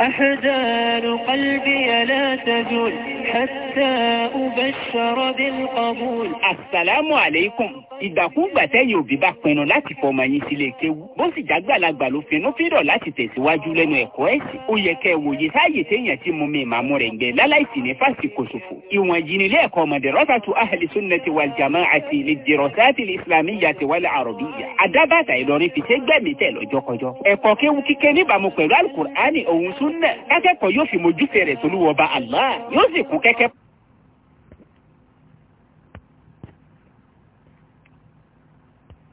أحزان قلبي لا تزول حتى أبشر بالقبول السلام عليكم ìgbàkúgbà tẹ́yìn òbí bá pinnu láti fọmọ yín sílé kéwú bó sì jágbàlagbà ló finú fídọ̀ láti tẹ̀síwájú lẹ́nu ẹ̀kọ́ ẹ̀sìn ó yẹ kẹ́ ẹ wòye sáàyè téèyàn ti mú mi ìmàmú rẹ̀ gbẹ láláìsí ní fásitì ṣòfò ìwọ̀n ìjìnlẹ̀ ẹ̀kọ́ madrasatu ahli sunnati wal jama'ati lidirasati islamiyyati wal arabiyya adábàtà Ìlọrin fi ṣe gbẹ̀mí tẹ̀ lọ́jọ́kọjọ́ ẹ̀kọ́ kéwú kíkẹ́ níbàámu pẹ̀lú alukur'ani òun sunna kákẹ́kọ̀ọ́ yóò fi mojúfẹ́ rẹ̀ Allah yóò sì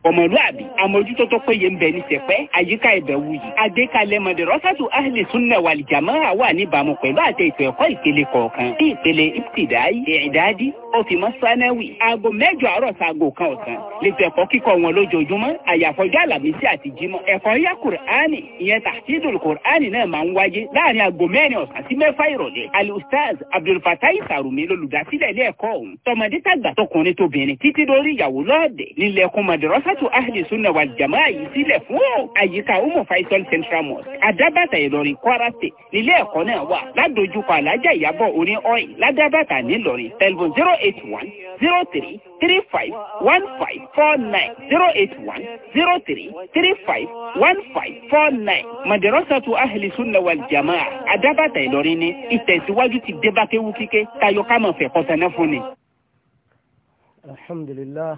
ọmọlúàbí àmójútó tó péye ń bẹ ní sẹpẹ́ àyíká ibẹ̀ wuyì. àgbékalẹ̀ madrasatu ahli sunna wal jamaa wà níbàámu pẹ̀lú àti ètò ẹ̀kọ́ ìpele kọ̀ọ̀kan ní ìpele ibtidai ìdádi òfìmọ́ sanawi. aago mẹ́jọ àárọ̀ sago kan ọ̀sán lètò ẹ̀kọ́ kíkọ́ wọn lójoojúmọ́ àyàfọ́jọ́ àlàmísì àti jímọ̀. ẹ̀kọ́ yá kùránì ìyẹn tàṣídùl kùránì náà máa ń wáyé láàrin aago mẹ́rin ọ̀sán sí mẹ́fà ìrọ̀lẹ́. alustaz abdulfatai sarumi lolùdásílẹ̀ ilé ẹ̀kọ́ ọ̀hún tọmọdé tàgbà tọkùnrin tóbìnrin títí lórí ìyàwó lọ́ọ̀dẹ̀ nílẹ̀kùn madrasat jama'atu ahli sunna wal jama'a yìí sílẹ̀ fún àyíká umu faisal central mosque adábàtà ìlọrin kwara state nílé ẹ̀kọ́ náà wà ládojúkọ alájà ìyàbọ̀ orí ọ̀yìn ládábàtà nílọrin telephone zero eight one zero three three five one five four nine zero eight one zero three three five one five four nine madarasatu ahli sunna wal jama'a adábàtà ìlọrin ní ìtẹ̀síwájú ti débàkéwu kíké tayọ kámọ̀ fẹ̀ kọ́sánná fún ni. alhamdulillah.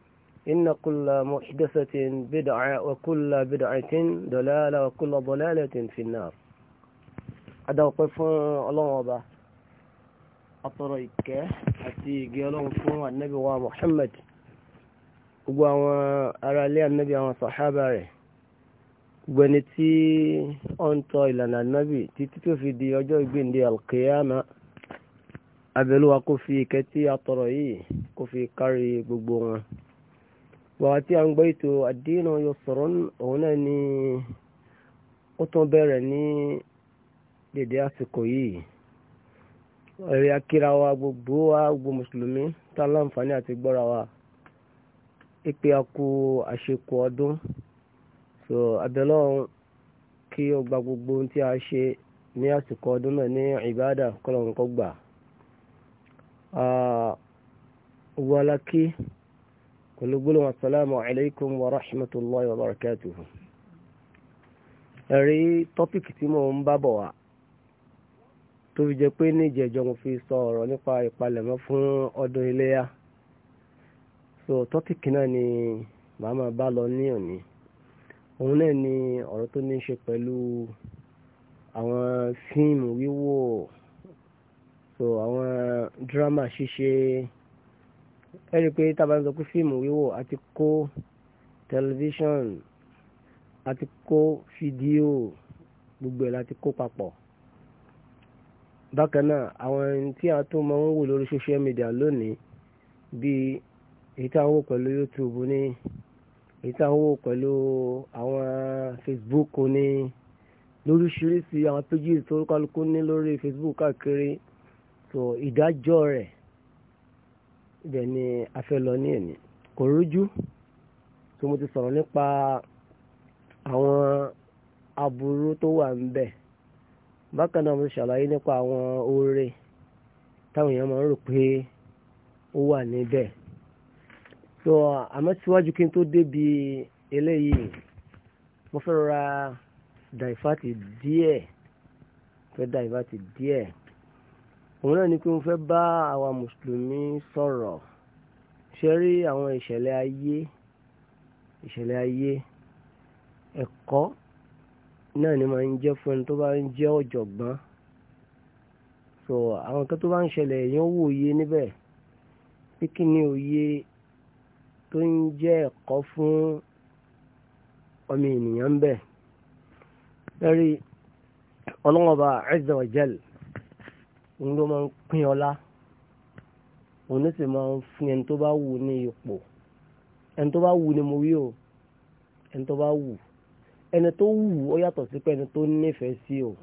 إن كل محدثة بدعة وكل بدعة دلالة وكل ضلالة في النار هذا وقف الله وضع أطريك أتي قالوا فون النبي ومحمد وأرى لي النبي وصحابه gbẹni tí ó ń tọ ìlànà nábì títí tó fi di ọjọ́ ìgbìndé alkiyama abẹ́lúwa kó fi ìkẹ́ tí wàá tí a ń gbọ́ ètò àdínà yọ sọ̀rọ̀ òun náà ni ó tún bẹ̀rẹ̀ ní dèdè àsìkò yìí ẹ̀rí akíra wa gbogbo wa gbogbo mùsùlùmí tá láǹfààní àti gbọ́ra wa ìpè àkú àṣekù ọdún so abẹ́lọ́run kí ó gba gbogbo ohun tí a ṣe ní àsìkò ọdún náà ní ìbáàdà kọ́lọ́run kó gbà wọ́n ah, alákí pẹ̀lú gbólóhùn asalaamu alaykum wa rahmatulahi wa barakatuhu. ẹ̀rí tọ́pìkì tí mò ń bá bọ̀ wá tó fi jẹ́ pé níjẹ̀jọ́ mo fi sọ ọ̀rọ̀ nípa ìpalẹ̀mọ́ fún ọdún iléyà so tọ́pìkì náà ni màá máa bá lọ ní òní òun náà ni ọ̀rọ̀ tó ní í ṣe pẹ̀lú àwọn fíìmù wíwò so àwọn dírámà ṣíṣe ẹ̀rí pé tábà ń sọ pé fíìmù wíwò àti kó tẹlifíṣàn àti kó fídíò gbogbo ẹ̀ láti kó papọ̀ bákan náà àwọn ẹni tí a tún máa ń wò lórí social media lónìí bíi èyí tá à ń wò pẹ̀lú YouTube ní èyí tá à ń wò pẹ̀lú àwọn Facebook ní lóríṣiríṣi àwọn pages tó kálukú ní lórí Facebook káàkiri so ìdájọ́ rẹ̀ ibẹ̀ ni a fẹ́ lọ ní ẹ̀mí kò rújú tó mo ti sọ̀rọ̀ nípa àwọn aburú tó wà ń bẹ̀ bákan náà mo ti ṣàlàyé nípa àwọn oore táwọn èèyàn máa ń rò pé ó wà níbẹ̀ so àmọ́ síwájú kí n tó débi eléyìí mo fẹ́ rọra dàìfàtì díẹ̀ fẹ́ dàìfàtì díẹ̀ òun náà ni pé mo fẹ́ bá àwa mùsùlùmí sọ̀rọ̀ ṣe rí àwọn ìṣẹ̀lẹ̀ ayé ìṣẹ̀lẹ̀ ayé ẹ̀kọ́ náà ni máa ń jẹ́ fún ẹni tó bá ń jẹ́ ọ̀jọ̀gbọ́n so àwọn tó bá ń ṣẹlẹ̀ èèyàn wò yé níbẹ̀ pé kí ni òye tó ń jẹ́ ẹ̀kọ́ fún ọmọ ènìyàn ń bẹ̀ lórí ọlọ́wọ́ba Azza wa òun ló máa ń pín ọlá òun ló sì máa ń fún ẹni tó bá wù ní ipò ẹni tó bá wù ni mo wí o ẹni tó bá wù ẹni tó wù ó yàtọ̀ sí pé ẹni tó nífẹ̀ẹ́ sí o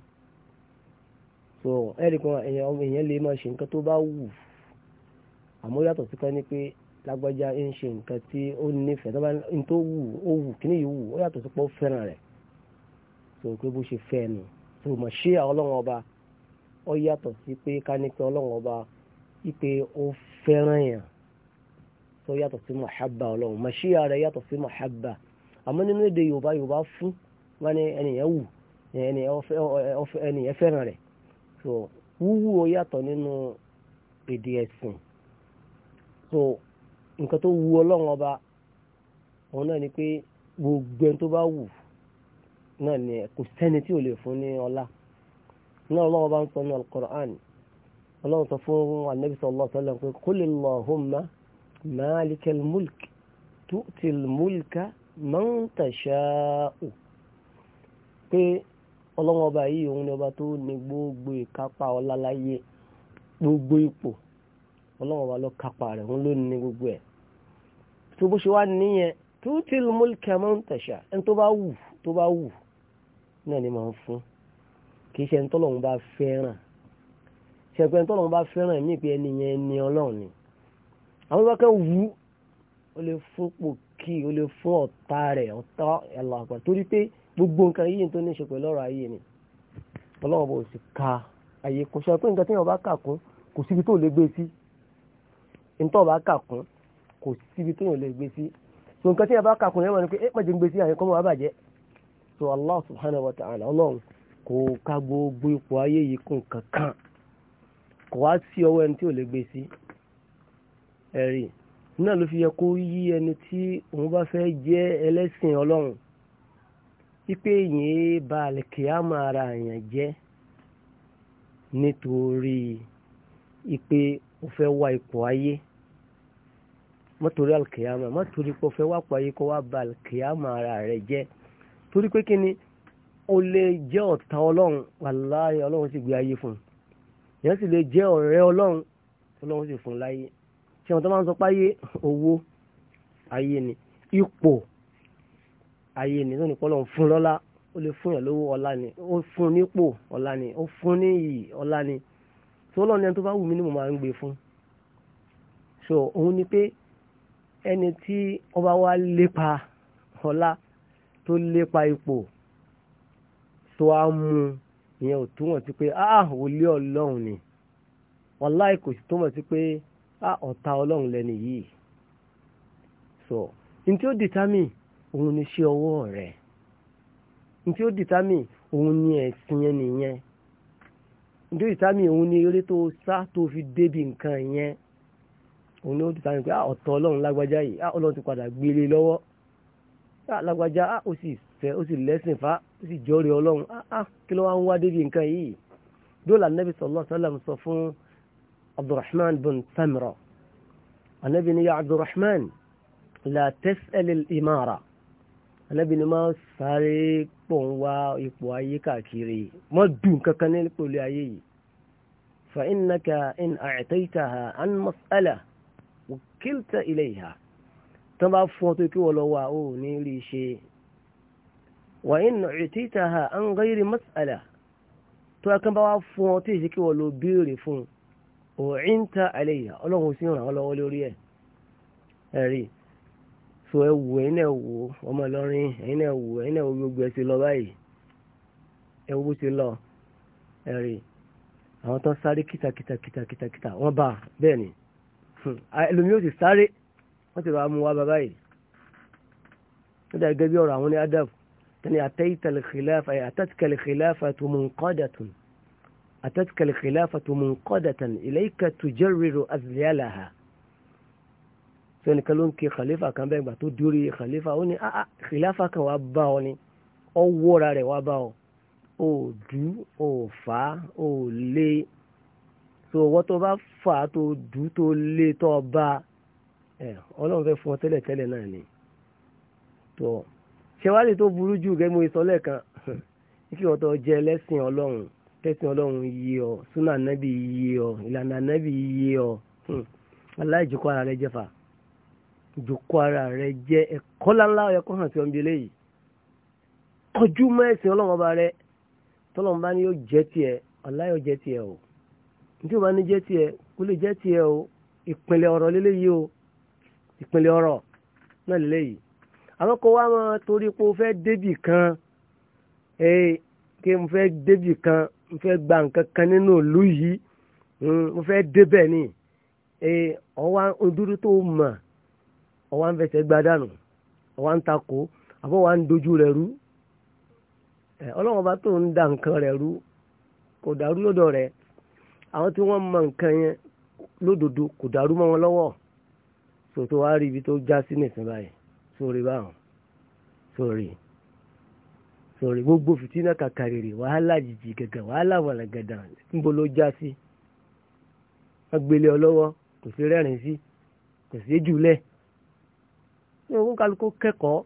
so ẹ̀rí kan èèyàn lè máa ṣe nǹkan tó bá wù àmọ́ yàtọ̀ sí pé ní pé lágbájá ń ṣe nǹkan tí ó nífẹ̀ẹ́ tó bá ń tó wù ó wù kí ni yìí wù ó yàtọ̀ sí pé ó fẹ́ràn rẹ̀ so pé bó ṣe fẹ́ nu so mọ̀ ṣé àwọn ọlọ́run ọba ó yàtọ̀ sí pé ká ní pé ọlọ́run ọba ipe ó fẹ́ràn yàn tó yàtọ̀ sí mahabba ọlọ́run màṣíyà rẹ̀ yàtọ̀ sí mahabba àmọ́ nínú èdè yorùbá yorùbá fún wọn ni ẹnìyẹn wù ẹnìyẹn fẹ́ràn rẹ̀ so wúwú ó yàtọ̀ nínú èdè ẹ̀sìn so nǹkan tó wu ọlọ́run ọba òun náà ni pé gbogbo ẹni tó bá wù náà ni kò sẹ́ni tí ò lè fún ní ọlá náà ọlọ́wọ́ bá ń sọ ní al-Qur'an ọlọ́wọ́ sọ fún anabi sallallahu alaihi wasallam pé qul Allahumma malikal mulk tu'til mulka man tasha'u pé ọlọ́wọ́ ọba yìí òun ni ọba tó ní gbogbo ìkápá ọlá láyé gbogbo ipò ọlọ́wọ́ ọba ló kápá rẹ̀ òun ló ní gbogbo ẹ̀ tó bó ṣe wá níyẹn tu'til mulka man tasha'u ẹni tó bá wù tó bá wù náà ni màá fún kì í ṣe ẹni tọ́lọ́run bá fẹ́ràn ṣe pé ẹni bá fẹ́ràn mí pé ẹni yẹn ni ọlọ́run ni àwọn bá kẹ́ wú ó lè fún pòkì ó lè fún ọ̀tá rẹ̀ ọ̀tá ẹ̀làpà torí pé gbogbo nǹkan yìí tó ní ṣe pẹ̀lú ọ̀rọ̀ ayé ni ọlọ́run bò sì ka àyè kò ṣe pé nǹkan tí yẹn bá kà kún kò síbi tó lè gbé sí nǹkan bá kà kún kò síbi tó yẹn lè gbé sí so nǹkan tí yẹn bá kà kún yẹn mọ̀ ní pé ẹ eh, pẹ̀jẹ̀ so Allah subhanahu wa ta'ala ọlọ́run kò ká gbogbo ipò ayé yìí kún kankan kò wá sí ọwọ́ ẹni tí ò lè gbé sí ẹ̀rí náà ló fi yẹ kó yí ẹni tí òun bá fẹ́ jẹ́ ẹlẹ́sìn ọlọ́run wípé yìnyín ba àlìkìyàmù ara èèyàn jẹ́ nítorí ipe ó fẹ́ wá ipò ayé mọ́tòrí àlìkìyàmù mọ́tòrí pé ó fẹ́ wá ipò ayé kó wá ba àlìkìyàmù ara rẹ̀ jẹ́ torí pé kí ni ó lè jẹ́ ọ̀tá ọlọ́run wàláyé ọlọ́run sì gbé ayé fún un èèyàn sì lè jẹ́ ọ̀rẹ́ ọlọ́run ọlọ́run sì fún un láyé ṣé wọn tó máa ń sọ páyé owó ayé ni ipò ayé ni lónìí pọ́lọ́run fún lọ́lá ó lè fún yàn lówó ọlá ni ó fún nípò ọlá ni ó fún ní iyì ọlá ni tó lọ́ni ẹni tó bá wù mí ni mo máa ń gbé fún so òun ni pé ẹni tí ọba wa lépa ọlá tó lépa ipò tó a mú ìyẹn ò túmọ̀ sí pé ah ọlọ́run ni wàláì kò sì túmọ̀ sí pé a ah, ọ̀ta ọlọ́run lẹni yìí sọ ní tí ó dìtámì òun ni se ọwọ́ rẹ, ní tí ó dìtámì òun ni ẹ̀sìn yẹn nìyẹn ní tí ó dìtámì òun ni eré tó sá tó fi débi nǹkan yẹn òun ni ó dìtámì pé ah, ọlọ́run lágbájá yìí a ah, ọlọ́run ti padà gbélé lọ́wọ́ alágbájá á ó sì fẹ́ ó sì lẹ́sìn fa ó sì jọ́rẹ̀ ọlọ́run á kí ló wá ń wá débi nǹkan yìí dóòlà anabi sallallahu alaihi wasallam sọ fún abdulrahman bin samira anabi ni ya abdulrahman la tas'al al-imara anabi ni máa sáré pọ̀ ń wá ipò ayé káàkiri mọ́ dùn kankan ní ipò ayé yìí fa innaka in a'taytaha an mas'ala wukilta ilayha tán bá fún ọ tó kí wọ́n lọ wà ó ní rí i ṣe wà nínú ìtìta ha an gáyìrì mas'ala tó akán bá wá fún ọ tí ìṣe kí wọ́n lọ béèrè fún òun ta àlẹyà ọlọ́run sì ràn án lọ́wọ́ lórí ẹ̀ ẹ̀rí so ẹ wò ẹ̀yin náà wò ọmọ ìlọrin ẹ̀yin náà wò ẹ̀yin náà wò gbogbo ẹ̀ sí lọ báyìí ẹ wo bó ṣe lọ ẹ̀rí àwọn tó ń sáré kìtàkìtàkìtàkìtà wọ́n bá bẹ́ẹ̀ ni hm. ẹlòmíì ó sáré wọ́n ti rọ amú wa bàbá yìí ó dà gẹ́gẹ́ bí ọ̀rọ̀ àwọn ní adab tani àtẹ́tẹ̀lẹ̀ khilafa àtẹ́tẹ̀lẹ̀ khilafa tó mú nqadatun àtẹ́tẹ̀lẹ̀ khilafa tó mú nqadatan ilayka tujarriru azliyalaha tó ní kálọ́ ń ké khalifa kan bẹ́ẹ̀ gbà tó dórí khalifa ó ní ah, ah khilafa kan wàá bá ọ ni ọ wọ́ra rẹ̀ wàá bá ọ ò dú ò fà á lé so wọ́n tó bá fà tó dú tó lé tó bá ọlọ́run fẹ́ fún ọ tẹ́lẹ̀ tẹ́lẹ̀ náà ni tó ṣẹwádìí tó burú jù kan kí wọ́n tó jẹ lẹ́sìn ọlọ́run lẹ́sìn ọlọ́run yí ọ súnà nẹ́bí yí ọ ìlànà nẹ́bí yí ọ hmm. aláìjùkọ ara rẹ jẹfà ara rẹ ẹ̀kọ́ láńlá ẹ̀kọ́ hàn sí yìí kọjú mọ́ ẹ̀sìn ọlọ́run ọba rẹ tọ́lọ́run bá ní o nítorí wọn bá ní jẹ́ tiẹ̀ kó lè jẹ́ tiẹ̀ o o ìpínlẹ̀ ọ̀rọ̀ náà lélẹ́yìí àwọn kò wá máa torí pé o fẹ́ débì kan ee kí mo fẹ́ débì kan mo fẹ́ gba nǹkan kan nínú ìlú yìí hmm, mo fẹ́ débẹ̀ ni ee ọwọ́ dúdú tó mọ̀ ọwọ́ ń fẹsẹ̀ gba dànù ọwọ́ ń takò àbọ̀ wà ń dojú rẹ̀ rú ọlọ́wọ́n bá tó ń da nǹkan rẹ̀ rú kò dàrú lọ́dọ̀ rẹ̀ àwọn tí wọ́n mọ nǹkan yẹn lódodo kò dàrú mọ́ wọn lọ́wọ́. sòtò wá rí ibi tó já sí nìsín báyìí sórí báwọn sórí sórí gbogbo fìtínà kàkàrèrè wàhálà jìjì gẹ̀gẹ̀ wàhálà wàlàgàdà níbo ló já sí wọ́n gbélé kò sí rẹ́rìn sí kò sí jùlẹ̀ ní ogún kálukú kẹ́kọ̀ọ́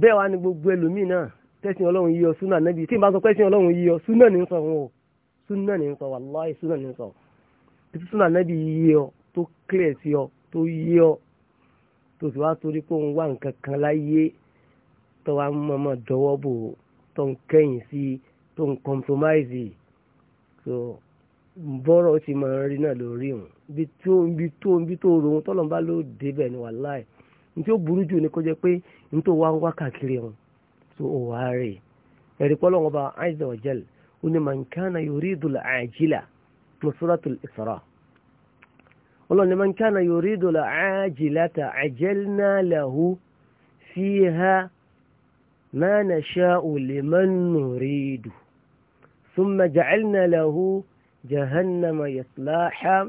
bẹ́ẹ̀ wá ní gbogbo ẹlòmíì náà tẹ́sìn ọlọ́run yíyọ súnà náà tí n bá sọ pẹ́sìn ọlọ́run yíyọ súnà ní wọn o súnà ní sọ wàláì súnà ní sọ títí súnà náà yíyọ tó sí ọ tó yíyọ tó fi wá torí pé òun wá nǹkan kan láyé tó wá mọ̀mọ́ dọwọ́ bò tó ń kẹ́yìn sí tó ń compromise so bọ́rọ̀ ti máa rí náà lórí òun bí tó ń bí tó ń bí tó ro òun tọ́lọ́ bá ló débẹ̀ ní wàláì ní tí ó burú jù ní kó jẹ́ pé ní tó wá ń wá káàkiri òun tó ò wá rè ẹ̀rí pọ́lọ́ wọn bá aizawajal ó ní man kana yuridul ajila nusratul isra ọlọ́run ní man kana yuridu al-ajilata ajjalna lahu fiha ma nasha'u liman nuridu thumma ja'alna lahu jahannama yaslaha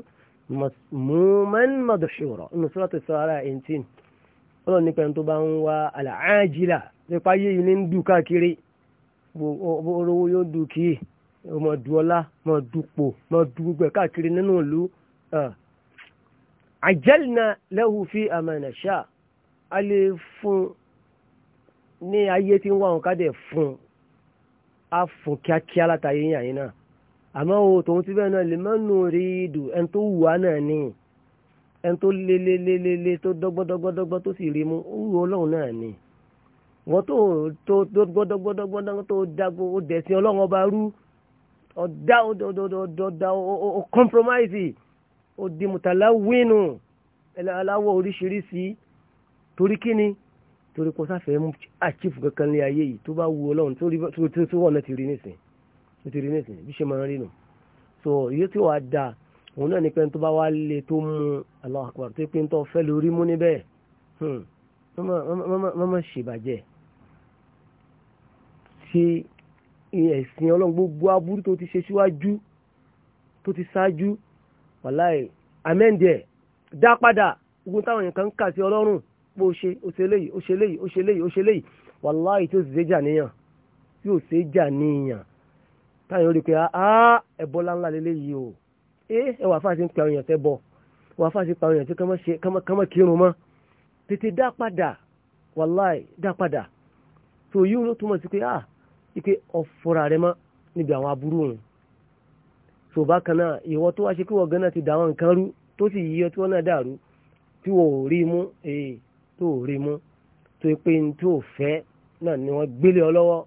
masmuman madhura inú suratu Isra 18 ọlọ́run nípa ẹni tó bá ń wá al-ajila nípa ayé yìí ní ń dù káàkiri orowó yóò dù kí ọmọ dù ọlá mọ̀ dùpò mọ̀ káàkiri nínú ìlú ah àjẹ́lìnà lẹ́hu fi àmàna ṣá a lè fún ní ayé tí ń wá òǹkà dẹ̀ fún a fún kíákíá látàrí yìnyín náà àmọ́ o tòun ti bẹ́ẹ̀ náà lè mọ́nù rí ìdù ẹni tó wù á náà ni ẹni tó lelelelele tó dọ́gbọ́dọ́gbọ́dọ́gbọ́ tó sì rí mu ó ọlọ́run náà ni wọ́n tó tó tó dágbó ó dẹ̀ ọlọ́run ọba rú ọ̀dá ó compromise ó di mùtàláwínù aláwọ̀ oríṣiríṣi torí kíni torí kó sáfẹ́ mú àchífù kankan lé ayé yìí tó bá wu ọlọ́run tó wọ̀ náà ti rí nísìn tó ti rí nísìn bí ṣe máa rí nù so iye tí wàá da òun náà ní pé tó bá wá lé tó mú Allahu Akbar tó pé tó fẹ́ lórí mú níbẹ̀ mọ́mọ́ ṣèbàjẹ́ ṣe ẹ̀sìn ọlọ́run gbogbo aburú tó ti ṣe síwájú tó ti ṣáájú wàláì amẹ́ǹdì ẹ̀ dá padà ogun táwọn èèyàn kan ń kà sí ọlọ́run pé ó ṣe o ṣe léyìí ó ṣe léyìí ó ṣe léyìí ó ṣe léyìí wàláì tí ó sì ṣe jà níyàn tí ṣe jà níyàn o ẹ ẹ wà fáṣí ń pe bọ wà fáṣí ń pe àwọn kọ́mọ́ kírun mọ́ tètè dá padà wàláì dá padà tó yíwọ́n ike ọ̀fọ̀ra rẹ mọ́ níbi àwọn aburú so bákan náà ìwọ tó wá ṣe kí wọ́n gan náà ti dàwọn nǹkan rú tó sì yíyọ tí wọ́n náà dàrú tí wọ́n ò rí mú èè eh, tó ò rí mú tó pé ní tó fẹ́ náà ni wọ́n gbélé ọ lọ́wọ́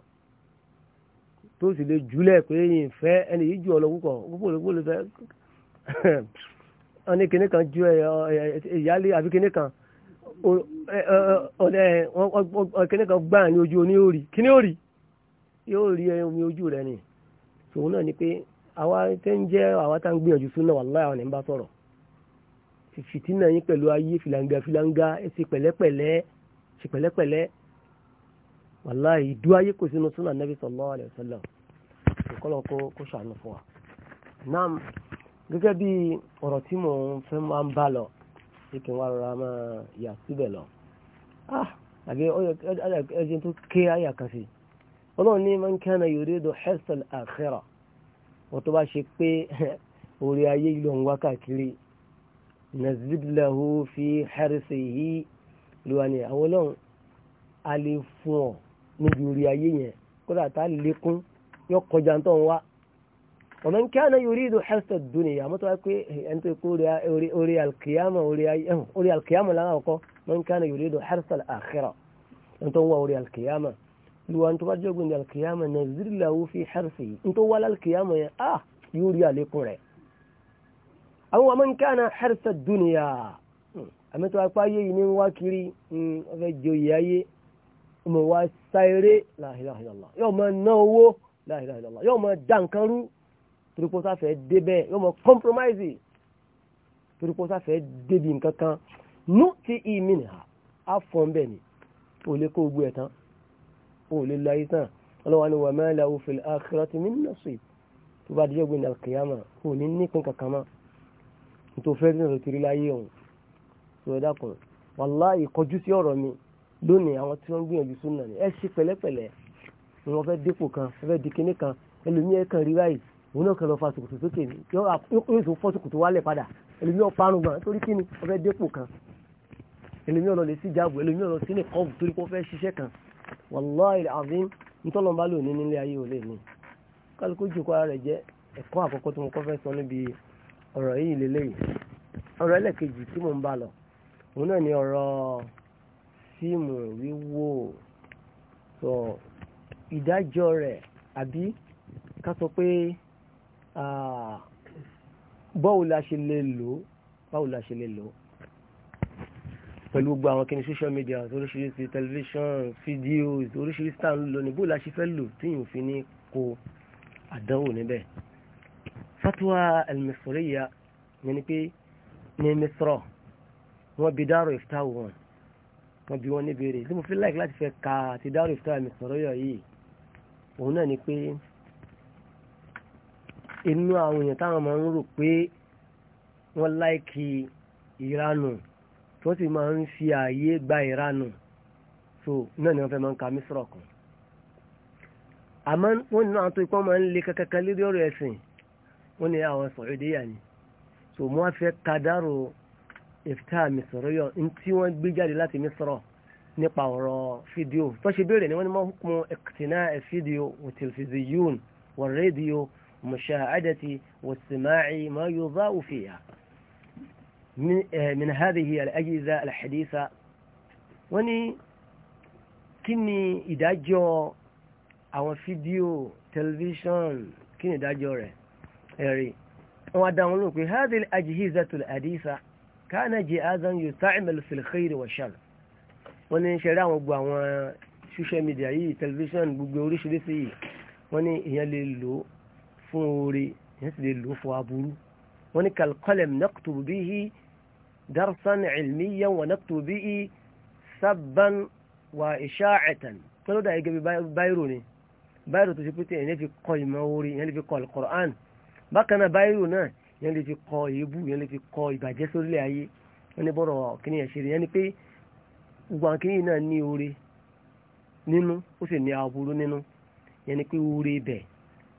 tó sì lè jùlẹ̀ pé yìí ń fẹ́ ẹni yìí jù ọ lọ púpọ̀ lè fẹ́ ọ̀nì kìnní kan ju eh, eh, ìyáálé àbí kìnní kan kìnní kan gbà ní ojú oní òrì kìnní yóò rí omi ojú rẹ ni tòun náà ni pé àwa tẹ́ ń jẹ́ àwa tá ń gbìyànjú súnà wàláhì àwọn ènìyàn bá sọ̀rọ̀ fìtínà yín pẹ̀lú ayé filanga filanga ẹ pẹ̀lẹ́pẹ̀lẹ́ ṣe pẹ̀lẹ́pẹ̀lẹ́ wàláhì ìdú ayé kò sínú súnà nàbí sallallahu alaihi wasallam kọ́lọ̀ kó ṣàánú fún wa. nam gẹ́gẹ́ bí ọ̀rọ̀ tí mò fẹ́ máa ń bá lọ ṣé kí n wá rọra máa yà síbẹ̀ lọ. Ah, àbí ẹjẹ wọ́n tó bá ṣe pé orí ayé ìlú ọ̀hún wákàkiri nazidlahu fi harisihi lóra ni àwọn ọlọ́run a lè fún ọ níbi orí ayé yẹn kódà tá a lékún yọ kọjá tó ń wá ọmọ nǹkan náà yóò rí ìdó harisa dúnìyà mọ́tò wá pé ẹni tó kó orí alkiyama orí alkiyama lára ọkọ ọmọ nǹkan náà yóò rí ìdó harisa ẹni tó ń wá orí alkiyama lùwà tó bá jẹ́ ògbìn alkiyama náà zirilawo fi hẹ́rẹ́sì yìí tó wá lálkiyama yẹn a yóò rí àlékún rẹ̀. àwọn ọmọ nǹkan náà hẹ́rẹ́sì dúnìyà àmẹ́tọ́ apá ayé yìí ní wá kiri ọ̀fẹ́ joyè ayé ọmọ wa sáyéré la ilaha illallah yóò máa ná owó la ilaha illallah yóò máa dá nǹkan rú torípọ́sá fẹ́ débẹ̀ yóò máa compromise torípọ́sá fẹ́ débi nǹkan kan nú ti ìmìnira á fọ́n bẹ́ẹ̀ ni òlékó gbé ẹ̀ tán ò lè lo ayé tán ọlọ́wà ni wà ma lahu fil akhirati min nasib tó bá dijọ́ gbẹ̀ndà kìyàmà ò ní nípìn kankan mọ́ tó fẹ́ ní ọ̀rọ̀ kiri láyé ọ̀hún tó ẹ dákun wàláhì kọjú sí ọ̀rọ̀ mi lónìí àwọn tí wọ́n gbìyànjú súnà ni ẹ ṣe pẹ̀lẹ́pẹ̀lẹ́ ni wọ́n fẹ́ dépò kan ẹ fẹ́ di kinní kan ẹlòmíì ẹ kàn rí báyìí òun náà kàn lọ wallahi alazim nítorí bá lò ní nílé ayé ò lè ní kálukú jòkó ara rẹ̀ jẹ́ ẹ̀kọ́ àkọ́kọ́ tó mo kọ́ fẹ́ sọ níbi ọ̀rọ̀ yìí lélẹ́yìí ọ̀rọ̀ ẹlẹ́kejì tí mo ń bá lọ òun náà ni ọ̀rọ̀ fíìmù wíwò sọ ìdájọ́ rẹ̀ àbí ká sọ pé báwo la lò báwo la lò pẹ̀lú gbogbo àwọn kìíní social media oríṣiríṣi television videos oríṣiríṣi tá à ń lò ní bó la ṣe fẹ́ lò tí yóò fi ní kó àdánwò níbẹ̀. fatwa al-misriya yẹn ni pé ní misra wọ́n bi dárò ìfitá wọn wọ́n bi wọ́n ní béèrè tí mo fi láìkí láti fẹ́ ka àti dárò ìfitá al yìí òun náà ni pé inú àwọn èèyàn táwọn máa ń rò pé wọ́n láìkí ìranù. Like wọ́n sì máa ń fi ààyè gba ìranù so náà ni wọ́n fẹ́ máa ń ka mísírọ̀ kan àmọ́ wọ́n ní àwọn tó ipá máa ń le kankan lórí ọ̀rọ̀ ẹ̀sìn wọ́n ní àwọn sọ̀rọ̀dẹ́yà ni so mo wá fẹ́ kadàrò ìfitá mísírọ̀ yọ tí wọ́n gbé jáde láti mísírọ̀ nípa ọ̀rọ̀ fídíò tó ṣe béèrè ni wọ́n ní mọ́ hukumu ẹ̀kìtìná fídíò wòtìlfìzìyún wọ̀rẹ́díò mùsàádẹ́tì wòtìmáì máa òfìyà من هذه الأجهزة الحديثة wọ́n ní kí ni ìdájọ́ àwọn fídíò tẹlifíṣọ̀n kí ni ìdájọ́ rẹ̀ ẹ̀rí wọ́n wá dáhùn lóò pé هذه الأجهزة الحديثة كان جهازا يستعمل في الخير والشر wọ́n ní ṣẹ̀rí àwọn gbogbo àwọn social media yìí tẹlifíṣọ̀n gbogbo oríṣiríṣi yìí wọ́n ní èèyàn lè lò ó fún oore èèyàn sì lè lò ó fún aburú wọ́n ní كالقلم نكتب به درسا علميا ونكتب به سبا وإشاعة كل ده يجي بايروني بايرو تجيبتي يعني في قوي موري يعني في قوي القرآن بقنا بايرونا يعني في قوي بو يعني في قوي بجسر لي أي يعني برو كني أشيري يعني في وان كني ناني أوري نينو وسني أبورو نينو يعني كي أوري به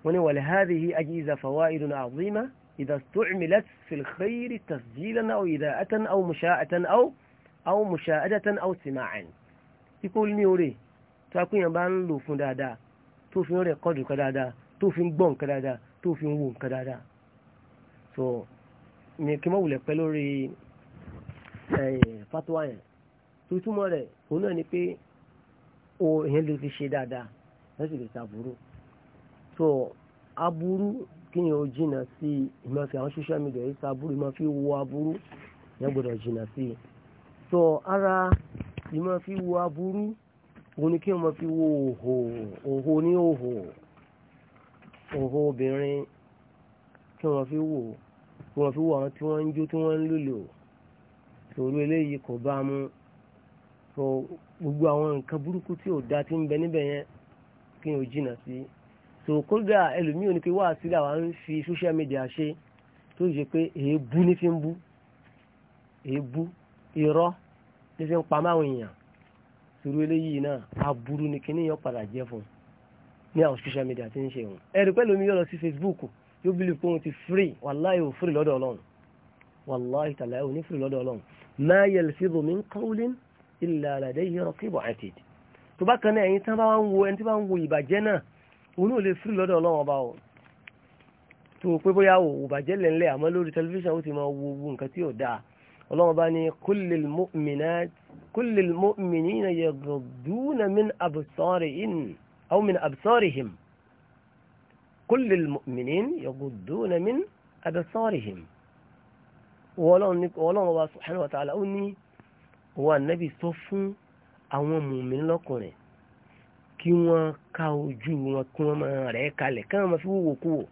ولهذه أجهزة فوائد عظيمة إذا استعملت في الخير تسجيلا أو إذاءة أو مشاءة أو أو مشاهدة أو سماعا يقول ní orí tó akun yan bá ń lò fún dáadáa tó fi record kan dáadáa tó fi gbọ́ nǹkan dáadáa tó fi wo nǹkan dáadáa so ni kí mo wulẹ̀ pẹ́ lórí eh fatwa yẹn tó túmọ̀ rẹ̀ òun náà ni pé o èèyàn lè fi ṣe dáadáa lọ́sì lè ṣàbúrú so aburú kí ni o jìnà sí ìmọ̀fẹ́ àwọn social media yìí sábúrú ìmọ̀fẹ́ wo aburú yẹn gbọ́dọ̀ jìnà sí i so ara ìmọ̀fẹ́ wo aburú òun ni kí wọ́n fi wo òhò òhò ní òhò òhò obìnrin kí wọ́n fi wò kí wọ́n fi wò àwọn tí wọ́n ń jó tí wọ́n ń lùlù sòrò eléyìí kò bá mu so gbogbo àwọn nǹkan burúkú tí ò da ti ń bẹ níbẹ̀ yẹn kí wọ́n jìnà sí i so kódà ẹlòmíràn ni pé wá sí làwọn ń fi social media ṣe tó yẹ pé èébú ní fi ń bú èébú irọ́ ní fi ń pamọ́ àwọn èèyàn sùúrù eléyìí náà aburú ni kíní yẹn padà jẹ́ fún un ní àwọn social media tí ń ṣe wọn ẹ̀rí pẹ́ lómi yóò lọ sí Facebook yóò bí lùpọ̀ ohun ti free wàláyé ò free lọ́dọ̀ ọlọ́run wàláyé tàlà ò ní free lọ́dọ̀ ọlọ́run máa yẹ lè fi bò mí ń qawlin illa ladayhi raqibun atid tó bá kan náà ẹ̀yin tí wọ́n bá ń wo ẹni tí wọ́n ń wo ìbàjẹ́ náà òun ò lè fún lọ́dọ̀ ọlọ́wọ́n ọba o tó o pé bóyá o ò bàjẹ́ lẹ́nlẹ́ àmọ́ lórí tẹlifíṣàn ó ti máa wo owó nǹkan tí ò dáa ọlọ́wọ́n bá ní kullil mu'minat kullil mu'minina yaghduna min absarihim aw min absarihim kullil mu'minina yaghduna min absarihim ọlọ́wọ́n wa subhanahu wa ó ní òun ànábì sọ fún àwọn mùmínì lọ́kùnrin kí wọ́n ká ojú wọn kí wọ́n máa rẹ̀ kalẹ̀ kí wọ́n máa fi wúwo kú wò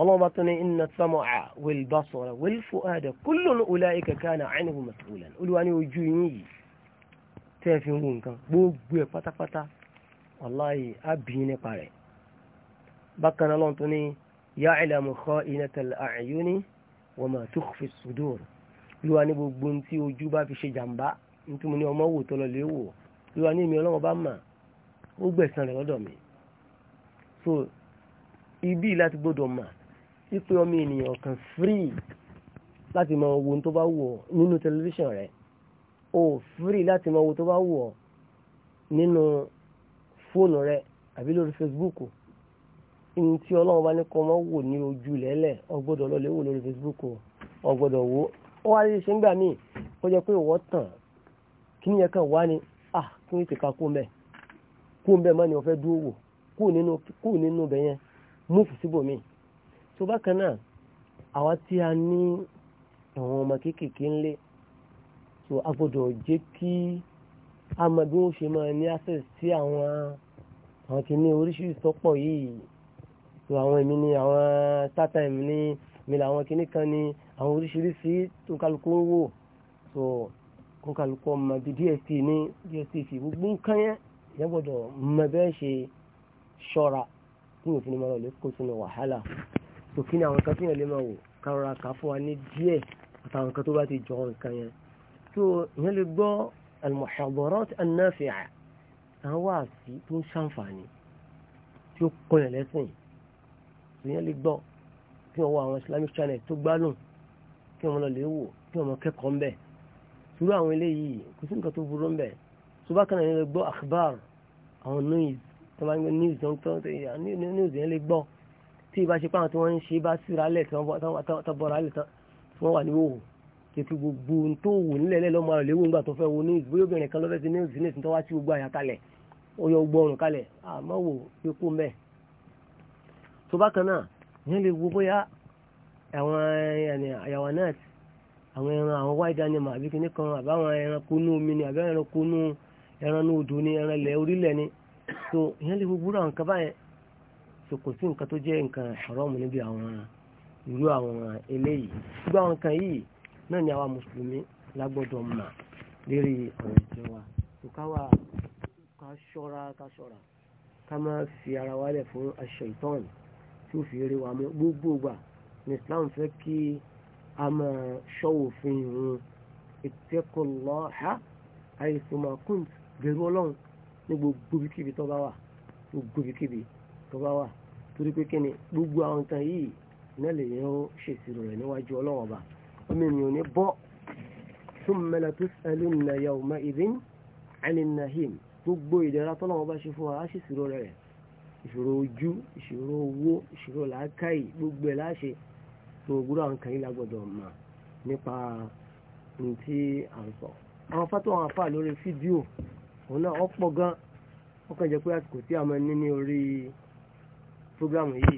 ọlọ́run bá tún ní inna sam'a wal basara wal fu'ada kullun ulaika kana anhu mas'ulan olúwa ní ojú yín yìí tẹ́ fi ń wo nǹkan gbogbo ẹ̀ pátápátá wallahi ábìyín nípa rẹ̀ bákan náà lọ́n tún ní ya'lamu kha'inatal a'yuni wa ma tukhfi sudur olúwa ní gbogbo ohun tí ojú bá fi ṣe jàǹbá nítorí ọmọ wò tọ́lọ lè wò olúwa ní ìmì ọlọ́run bá mà ó gbẹ̀sán rẹ̀ lọ́dọ̀ mi so ibi láti gbọ́dọ̀ mà wípé ọmọ ènìyàn kan free láti máa wo tó bá wù ọ nínú tẹlifíṣàn o free láti máa wo tó bá wù ọ́ nínú fóònù rẹ̀ àbí lórí facebook ní tí ọlọ́run bá ní kọ́ mọ́ wò ní ojú lẹ́lẹ̀ o gbọ́dọ̀ wò lórí facebook o wò ó wá ṣe ń gbà míì kó jẹ́ pé ìwọ tàn kí ni yẹn kàn wá ni ah kí ni kó ń bẹ́ẹ̀ má ni wọ́n fẹ́ dúró wò kó nínú kó nínú bẹ́ẹ̀ yẹn múfù síbòmí. tó bákan náà àwa tí a ní àwọn ọmọ kéékèèké ńlé tó a gbọ́dọ̀ jẹ́ kí a mọ bí wọ́n ṣe máa ní access sí àwọn àwọn kìíní oríṣiríṣi sọ́pọ̀ yìí tó àwọn èmi ní àwọn startime ní mi làwọn kìíní kan ní àwọn oríṣiríṣi tó kálukú wò tó kó kálukú ọmọ bíi DST ní DST fi gbogbo nǹkan yẹn yẹn gbọ́dọ̀ mọ bẹ́ẹ̀ ṣe ṣọ́ra tí òfin máa lè kó sínú wàhálà tó kí ni àwọn kan tí yẹn lè máa wò kárọra kà fún wa ní díẹ̀ àtàwọn kan tó bá ti jọ nǹkan yẹn tó yẹn lè gbọ́ al-muhadarat an-nafi'a àwọn wáàsí tó ń ṣàǹfààní tí ó kọyàn lẹ́sìn tó yẹn lè gbọ́ kí wọ́n wọ àwọn islamic channel tó gbádùn kí wọ́n lọ wò kí wọ́n mọ ń bẹ̀ sùúrù àwọn eléyìí kò sí nǹkan tó burú ń bẹ̀ ṣùgbọ́n kan náà gbọ́ akhbar àwọn news tó bá ń gbé news tó ń tọ́ news yẹn lè gbọ́ tí ìbá ṣe pé àwọn tí wọ́n ń ṣe bá síra lẹ̀ tí wọ́n bọ́ra lẹ̀ tí wọ́n wà ní òwò tètè gbogbo tó wò nílẹ̀ lẹ́ lọ́mọ rẹ̀ léwu ńgbà tó fẹ́ wo news bóyá obìnrin kan lọ́fẹ́ sí news ní ìsìn tó wá sí gbogbo àyà kalẹ̀ ó yọ gbọ́ ọrùn kalẹ̀ wò pé kó mẹ́ tó kan náà yẹn lè wo bóyá àwọn àyàwó náà àwọn ẹran àwọn wáìdá ni màbí kìnnìkan àbáwọn ẹranko nú omi ni àbí ẹranko nú ẹran ní odò ni ẹran ilẹ̀ orílẹ̀ ni so ìyẹn lè gbogbo àwọn nǹkan báyẹn so kò sí nǹkan tó jẹ́ nǹkan haram níbi àwọn irú àwọn eléyìí gbogbo àwọn nǹkan yìí náà ni àwa mùsùlùmí lágbọ́dọ̀ mà lérí ọ̀rọ̀ ìjọ wa so káwa ká ṣọ́ra ká ṣọ́ra ká má fi ara wálẹ̀ fún aṣọ ìtọ́n tí ó fi rí wa mú gbogbo gbà ní Islam fẹ́ kí a máa ṣọ́ òfin ìrun ittaqullaha haythuma kuntum bẹ̀rù ọlọ́run ní gbogbo ibikíbi tó bá wà gbogbo ibikíbi tó bá wà torí pé kíni gbogbo àwọn nǹkan yìí náà lè yẹn ó ṣèṣirò rẹ̀ níwájú ọlọ́run ọba omi mi ò ní bọ́ thumma latus'alunna yawma idhin 'anin nahim gbogbo ìdẹ̀ra tọ́lọ́run ọba ṣe fún wa á ṣèṣirò rẹ̀ ìṣòro ojú ìṣòro owó ìṣòro làákàyè gbogbo ẹ̀ láṣẹ tó gbúdọ̀ àwọn kan yìí lágbọ́dọ̀ mọ̀ nípa ní à ń sọ àwọn fátó àwọn afá lórí fídíò òun náà ọ̀pọ̀ gan ó kàn jẹ́ pé àsìkò tí a máa ní ní orí prógrámù yìí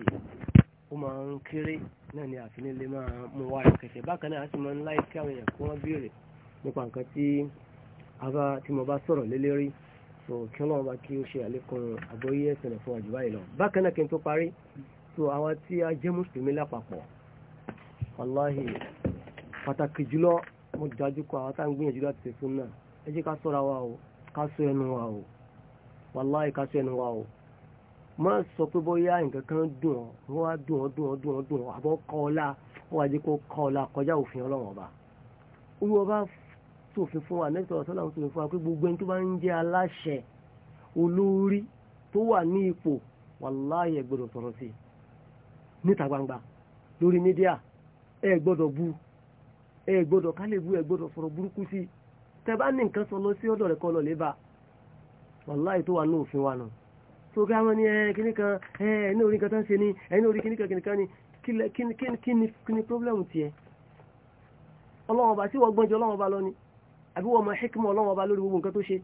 ó máa ń kéré náà ni àfi nílé máa mú wa rẹ̀ kẹ̀kẹ́ bákan náà a sì máa ń láì kí àwọn èèyàn kí wọ́n béèrè nípa nǹkan tí abá tí mo bá sọ̀rọ̀ lé so kí ọlọ́run bá kí ó ṣe àlékún àgbóyé ẹ̀sìn fún àjùbá yìí lọ bákan náà kí n tó parí so àwọn tí a jẹ́ mùsùlùmí lápapọ̀ wàláhì pàtàkì jùlọ mo dájú kọ àwọn tá à ń gbìyànjú láti ṣe fún náà ẹ jẹ́ ká sọ́ra wa o kásọ ẹnu wa o wàláì kásọ ẹnu wa o má sọ pé bóyá nǹkan kan dùn ọ́ wọ́n á dùn ọ́ dùn ọ́ dùn ọ́ dùn ọ́ àbọ̀ kọ́ ọ la ó wàá jẹ́ kó kọ́ ọ la kọjá òfin ọlọ́run ọba olú ọba ṣòfin fún wa nẹ́tọ̀ ọ̀sọ́lá ń ṣòfin fún wa pé gbogbo ẹni tó bá ń jẹ́ aláṣẹ olórí tó wà ní ipò wàláì ẹ gbọ́dọ̀ sí i níta gbangba lórí mídíà ẹ gbọ́dọ̀ bu ẹ gbọ́dọ̀ kálẹ̀ bu ẹ gbọ́dọ̀ sọ̀rọ̀ burúkú sí i tẹ bá ní nǹkan sọ lọ sí ọ̀dọ̀ rẹ̀ kọ́ lọ lè bá wàláì tó wà ní òfin wa nù tó ká wọn ní ẹ kíní kan ẹ ẹni orí nǹkan tó ń ṣe ní ẹni orí kíní kan kíní kan ní kíní pírọ́blẹ́mù tiẹ̀ ọlọ́wọ́n ọba tí wọ́n gbọ́njọ ọlọ́wọ́n ọba lọ ni àbí wọ́n mọ hekima ọlọ́wọ́n ọba lórí gbogbo nǹkan tó ṣe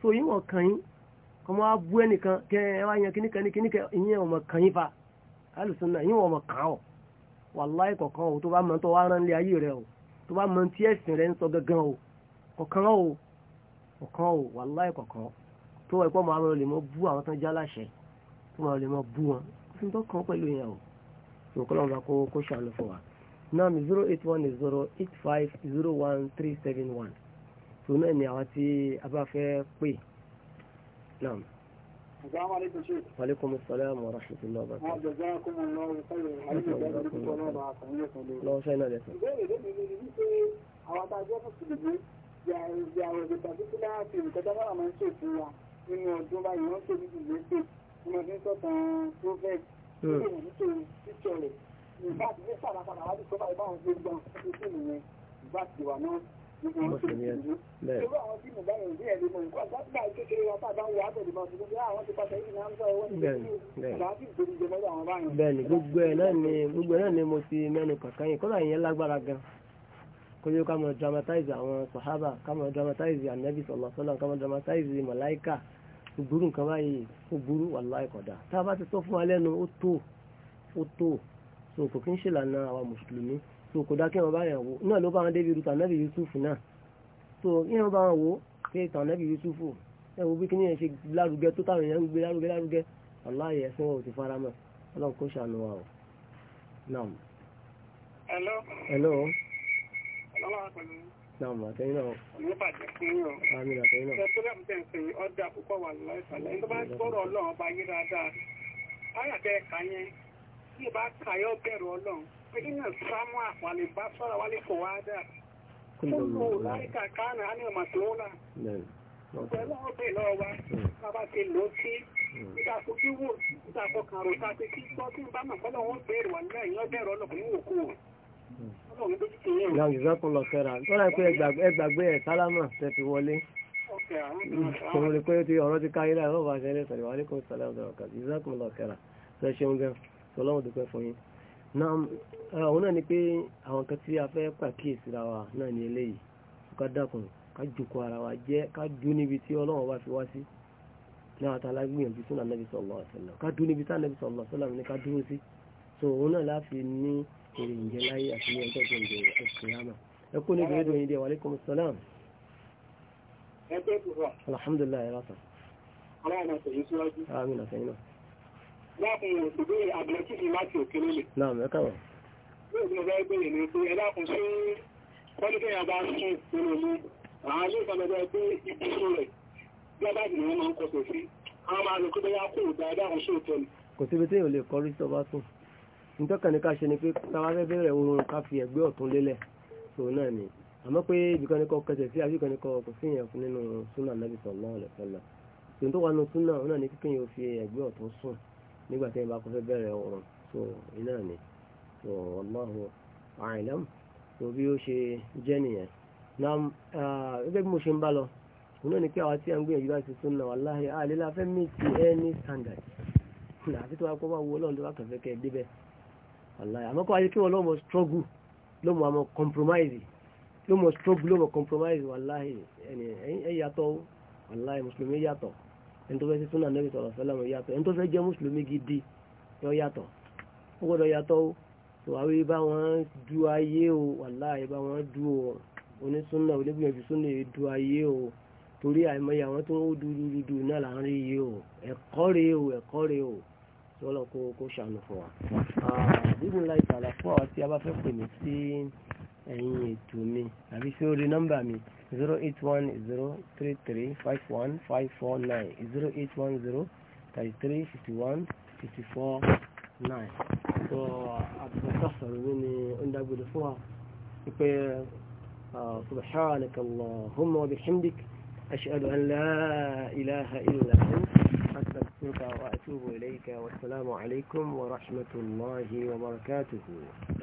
so yín wọ́n kàn yín kọ́ abú ẹnìkan kẹ́ ẹ wá yan kíní kan ní kíní kan ìyẹn wọ́n mọ̀ kàn yín fa alùsùn náà yín wọ́n mọ̀ kàn ọ́ wàláì kọ̀ọ̀kan ò tó bá mọ tí ẹ̀sìn rẹ̀ ń sọ gangan o kọ̀kan o kọ̀kan o wàláì kọ̀kan tó wà ìpọ́ máa lè mọ bú àwọn tán jáláṣẹ tó máa lè mọ bú wọn kò sí tó kàn pẹ̀lú yẹn o tó kọ́ lọ́nà kó kó ṣàlù fún wa náà mi zero eight one zero eight five zero one three seven one tó náà ni àwọn tí a bá fẹ́ pè náà. السلام عليكم شيخ وعليكم السلام ورحمة الله وبركاته جزاكم الله خيرا عليكم جزاكم الله وبركاته الله شيئا لك àwọn àtàjọ mùsùlùmí yàwó ìtàjú tí láà fi ìkọjábá àmọ́ ń ṣètò wa nínú ọdún báyìí wọ́n hmm. ṣe níbi ìwé pé wọ́n ní sọ́tàn prophet tó lè wọ́n ṣe píṣọ rẹ̀ nígbà tí ní sàràpadà wájú tó bá ibà ń gbé gbọ́n tó sì nìyẹn ìgbà tí wà náà mùsùlùmí ẹ bẹ́ẹ̀. bẹ́ẹ̀ni gbogbo ẹ náà ni gbogbo ẹ náà ni mo ti mẹ́nu kàkà yìí kọ́lá yẹn lágbára gan kójú ká mọ dramatize àwọn sahaba ká mọ dramatize anabi sallallahu alaihi wasallam ká mọ dramatize malaika ògbúrú nǹkan báyìí ó burú wallahi kódà tá a bá ti sọ fún wa lẹ́nu ó tó ó tó so kò kí ń ṣèlànà àwa mùsùlùmí so kò dákẹ́ wọn báyà wò náà ló bá wọn débi rúta nábì Yusuf náà so yẹn wọn bá wọn wò pé tàn nábì Yusuf ẹ bí kí ṣe lárugẹ tó táwọn èèyàn ń gbé lárugẹ lárugẹ aláàyè ẹsẹ wọn ò ti fara mọ́ Ọlọ́run kò ṣàánú wa o naam. hello. hello. ọlọ́wà pẹ̀lú. naam àtẹ̀yìn náà. òní bàjẹ́ fún yín o. àmì àtẹ̀yìn náà. ẹ̀sùn é ọjà púpọ̀ wà lọ́sàlẹ̀ ẹni tó bá ń gbọ́rọ̀ Ọlọ́run ọba yé dáadáa. báyà bẹ́ẹ̀ kà yẹn فإن السمع والبصر والفؤاد كل أولئك كان عنه مسؤولا pẹ̀lú ọ̀bẹ lọ́wọ́ wa hmm. bá ti lò sí hmm. ìdàkọ̀ kí wò ìdàkọ̀ kan rò sáà ti kí gbọ́ tí ń bá màá fọ́lọ́ wọn béèrè wà nílẹ̀ ìyọ́ bẹ̀rẹ̀ ọlọ́kùnrin wò kú wọn. Láwọn ìzọ́kùn lọ fẹ́ra. Tọ́lá pé ẹgbàgbé ẹ̀ sálámà tẹ fi wọlé. Òun hmm. lè pé ti ọ̀rọ̀ ti káyé láì ọ̀rọ̀ bá ṣẹlẹ̀ sọ̀rọ̀ wálé kò sọ̀rọ̀ ọ̀dọ̀ ọ̀kà. Ìzọ́kùn lọ fẹ́ra. Fẹ́ ṣeun gan. Sọlọ́wọ́n dúpẹ́ fún yín náà àwọn ah, náà ni pé àwọn kan tí a fẹ́ pàkíyèsí ra wa náà ni eléyìí ká dákun ká jòkó ara wa jẹ́ ká dún níbi tí ọlọ́run bá fi wá sí náà tá a lágbìyànjú sínú ànábì sallallahu alaihi wasallam ká dún níbi tí ànábì sallallahu alaihi wasallam ní ká dúró sí so òun náà láfi ní èrè ìjẹ láyé àti ní ọjọ́ ìjọ ìkìyàmà ẹ kú ní ìgbéró yìí dé wa aleykum salaam. ẹ pẹ́ alhamdulilayi rasa. aláàánú láti ìbéèrè àbúrẹ́tìsì wọ́n máa ń kọsẹ̀ sí àwọn máa lò pé lè kọrí sí ọba sùn nítọ́kàn ní pé táwa fẹ́ bẹ̀rẹ̀ oorun ká fi ẹ̀gbẹ́ ọ̀tún lélẹ̀ sòun náà àmọ́ pé ibìkan ní kọ́ kẹsẹ̀ sí àbíkan ní kọ́ kò sí ìyẹn fún nínú súnà nàbì sallallahu alaihi wasallam tó wà nù súnà òun náà ní kíkẹ́yìn ò fi ẹ̀gbẹ́ ọ̀tún sùn nígbà tí ìbá kọfẹ́ bẹ̀rẹ̀ ọ̀rọ̀ tó iná ni tó Allahu a'lam tó bí ó ṣe jẹ́ nìyẹn. na gẹ́gẹ́ bí mo ṣe ń bá lọ òun náà ni pé àwa tí a ń gbìyànjú láti tún náà wallahi àlélá fẹ́ mí ti ẹni standard àti tó wá kó máa wo ọlọ́run tó wá kàn fẹ́ kẹ́ ẹ débẹ̀ wallahi àmọ́ kó wáyé kí wọ́n lọ́mọ struggle lọ́mọ àmọ́ compromise lọ́mọ struggle lọ́mọ compromise wallahi ẹ̀yàtọ̀ wallahi mùsùlùmí yàtọ̀ ẹni tó fẹ́ sí súnà nẹ́bí sọ̀rọ̀ sọ́lọ́mù yàtọ̀ ẹni tó fẹ́ jẹ́ mùsùlùmí gidi yọ yàtọ̀ ó gbọ́dọ̀ yàtọ̀ ó tó àwọn ibà wọn du ayé o wàlá ibà wọn du o onísúnà onígbìyànjú súnà du ayé o torí àìmọye àwọn tó ń dúdúdúdú náà là ń rí iye o ẹ̀kọ́ rè o ẹ̀kọ́ rè o sọ́lọ́ kó kó ṣàánú fún wa. bíbélì láì sàlà fún àwọn tí a bá fẹ́ pè mí sí. ẹ̀yìn ètò mi àbí sí orí nọ́mbà mi zero eight one zero three three five one five four nine zero eight one zero thirty three fifty one fifty four nine. so àtúntò sọ̀rọ̀ mi ni ó ń dágbére fún wa wípé subhanaka allahumma wa bihamdik ashhadu an la ilaha illa anta astaghfiruka wa atubu ilayka wa assalamu wa rahmatullahi wa barakatuhu.